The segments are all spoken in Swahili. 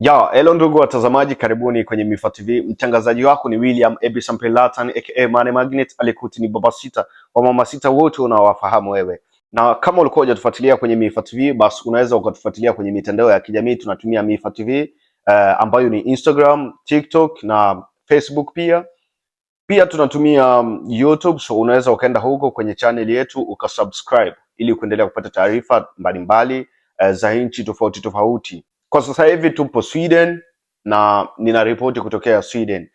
Ya, hello ndugu watazamaji, karibuni kwenye Mifa TV. Mtangazaji wako ni William Ebisam Pelatan aka Mane Magnet, alikuti ni baba sita wa mama sita, wote unawafahamu wewe, na kama ulikuwa hujatufuatilia kwenye Mifa TV, basi unaweza ukatufuatilia kwenye mitandao ya kijamii. Tunatumia Mifa TV uh, eh, ambayo ni Instagram, TikTok na Facebook pia pia tunatumia mm, YouTube, so unaweza ukaenda huko kwenye channel yetu ukasubscribe ili kuendelea kupata taarifa mbalimbali uh, za nchi tofauti tofauti kwa sasa hivi tupo Sweden na nina ripoti kutokea Sweden.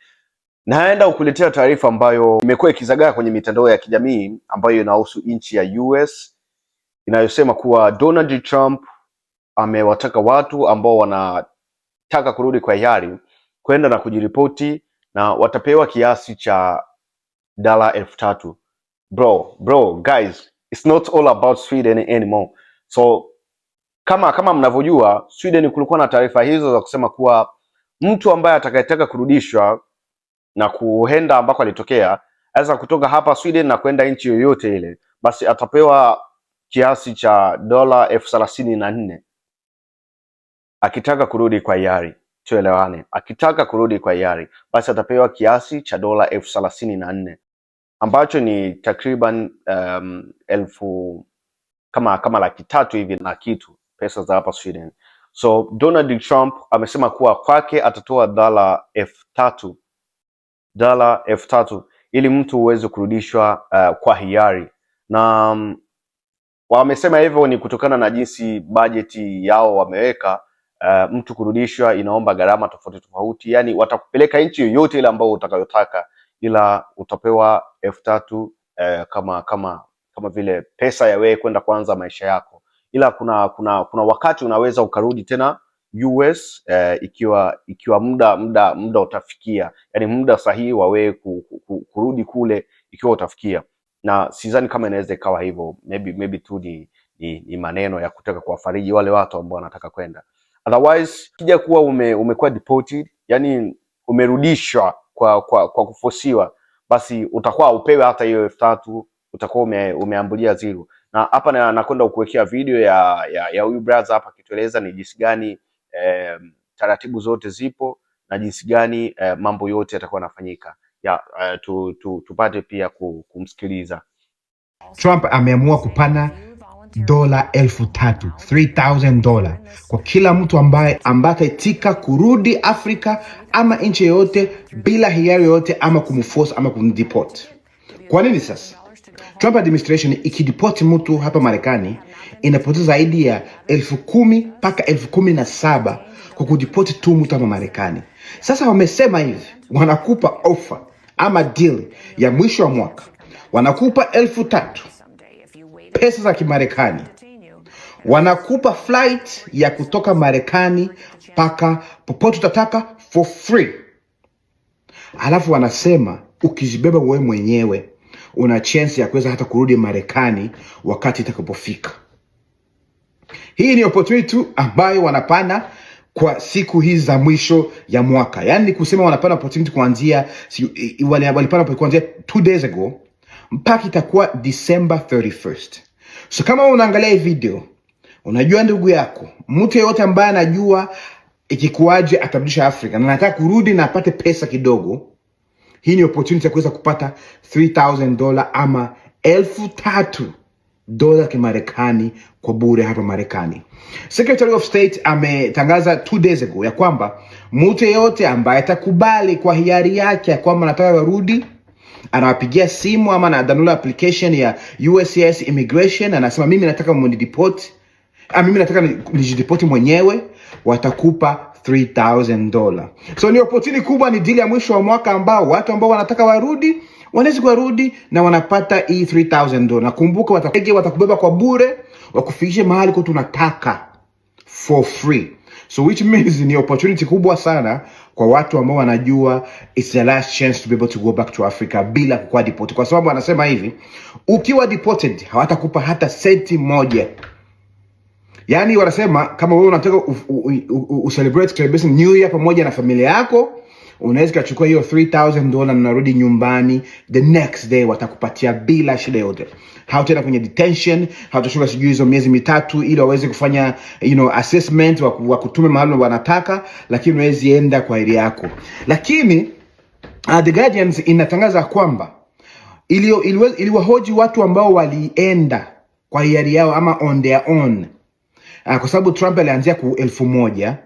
Naenda kukuletea taarifa ambayo imekuwa ikizagaa kwenye mitandao ya kijamii ambayo inahusu nchi ya US inayosema kuwa Donald Trump amewataka watu ambao wanataka kurudi kwa hiari kwenda na kujiripoti na watapewa kiasi cha dola elfu tatu. Bro, bro, guys, it's not all about Sweden anymore. So kama kama mnavyojua, Sweden kulikuwa na taarifa hizo za kusema kuwa mtu ambaye atakayetaka kurudishwa na kuenda ambako alitokea aweza kutoka hapa Sweden na kwenda nchi yoyote ile, basi atapewa kiasi cha dola elfu thelathini na nne akitaka kurudi kwa hiari. Tuelewane, akitaka kurudi kwa hiari basi atapewa kiasi cha dola elfu thelathini na nne ambacho ni takriban um, elfu kama kama laki tatu hivi na kitu pesa za hapa Sweden. So Donald Trump amesema kuwa kwake atatoa dola elfu tatu dola elfu tatu ili mtu uweze kurudishwa uh, kwa hiari na um, wamesema hivyo ni kutokana na jinsi bajeti yao wameweka uh, mtu kurudishwa inaomba gharama tofauti tofauti, yani watakupeleka nchi yoyote ile ambayo utakayotaka, ila utapewa elfu tatu uh, kama kama kama vile pesa ya wewe kwenda kuanza maisha yako ila kuna kuna kuna wakati unaweza ukarudi tena US eh, ikiwa ikiwa muda muda muda utafikia, yani muda sahihi wa wewe ku, ku, ku, kurudi kule ikiwa utafikia, na sidhani kama inaweza ikawa hivyo. Maybe maybe tu ni, ni, ni maneno ya kutaka kuwafariji wale watu ambao wanataka kwenda, otherwise kija kuwa ume, umekuwa deported, yani umerudishwa kwa kwa, kwa kufosiwa, basi utakuwa upewe hata hiyo elfu tatu utakuwa ume, umeambulia zero na hapa na, nakwenda kukuwekea video ya ya, ya huyu brother hapa akitueleza ni jinsi gani eh, taratibu zote zipo na jinsi gani eh, mambo yote yatakuwa yanafanyika ya, eh, tu, tu, tupate pia kumsikiliza. Trump ameamua kupana dola elfu tatu dola kwa kila mtu ambaye ambatatika kurudi Afrika ama nchi yoyote bila hiari yoyote ama kumforce ama kumdeport. Kwa nini sasa Trump administration ikidipoti mtu hapa Marekani inapoteza zaidi ya elfu kumi mpaka elfu kumi na saba kwa kudipoti tu mtu hapa Marekani. Sasa wamesema hivi, wanakupa ofa ama deal ya mwisho wa mwaka, wanakupa elfu tatu pesa za Kimarekani, wanakupa flight ya kutoka Marekani mpaka popote utataka for free, alafu wanasema ukizibeba wewe mwenyewe una chance ya kuweza hata kurudi Marekani wakati itakapofika. Hii ni opportunity ambayo wanapanda kwa siku hizi za mwisho ya mwaka, yaani kusema wanapanda opportunity kuanzia si, walipanda kuanzia two days ago mpaka itakuwa December 31st. So kama unaangalia hii video, unajua ndugu yako, mtu yeyote ambaye anajua ikikuaje atarudisha Afrika na nataka kurudi na apate pesa kidogo hii ni opportunity ya kuweza kupata $3000 ama elfu tatu dola kimarekani kwa bure hapa Marekani. Secretary of State ametangaza two days ago ya kwamba mtu yeyote ambaye atakubali kwa hiari yake ya kwamba anataka warudi anawapigia simu ama na danula application ya USCIS immigration, anasema mimi nataka mnideport, ah, mimi nataka nijideport mwenyewe, watakupa 3000 So ni opportunity kubwa, ni dili ya mwisho wa mwaka ambao watu ambao wanataka warudi wanaweza kurudi na wanapata hii 3000 dola. Nakumbuka watakeje, watakubeba kwa bure, wakufikishe mahali kwa tunataka for free. So which means ni opportunity kubwa sana kwa watu ambao wanajua it's the last chance to be able to go back to Africa bila kukuwa deported, kwa sababu anasema hivi, ukiwa deported hawatakupa hata senti moja. Yaani wanasema kama wewe unataka ucelebrate celebration new year pamoja na familia yako, unaweza kuchukua hiyo 3000 dola na narudi nyumbani, the next day watakupatia bila shida yote. Hautaenda kwenye detention, hautashuka sijui hizo miezi mitatu ili waweze kufanya you know assessment, wa waku, kutume mahali wanataka, lakini unaweza enda kwa ile yako. Lakini uh, The Guardians inatangaza kwamba iliwahoji ili, ili watu ambao walienda kwa hiari yao ama on their own uh, kwa sababu Trump alianzia ku elfu moja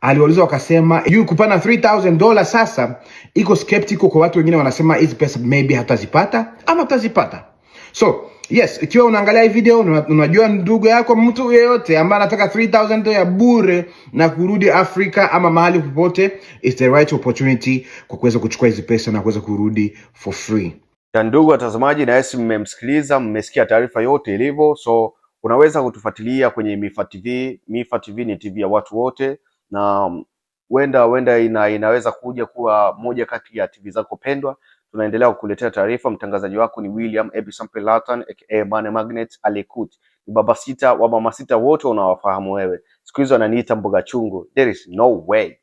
aliwauliza wakasema, you kupana 3000 dola. Sasa iko skeptical kwa watu wengine, wanasema hizi pesa maybe hatazipata ama hatazipata. So yes, ikiwa unaangalia hii video, unajua ndugu yako, mtu yeyote ambaye anataka 3000 ya bure na kurudi Afrika ama mahali popote, is the right opportunity kwa kuweza kuchukua hizi pesa na kuweza kurudi for free. Na ndugu watazamaji, na yesi mmemsikiliza, mmesikia taarifa yote ilivyo so Unaweza kutufuatilia kwenye Mifa TV. Mifa TV ni TV ya watu wote, na wenda um, wenda ina, inaweza kuja kuwa moja kati ya TV zako pendwa. Tunaendelea kukuletea taarifa. Mtangazaji wako ni William Ebisampe Latan aka Mane Magnet Alekut. ni baba sita wa mama sita, wote unawafahamu wewe. Siku hizi ananiita mboga chungu. There is no way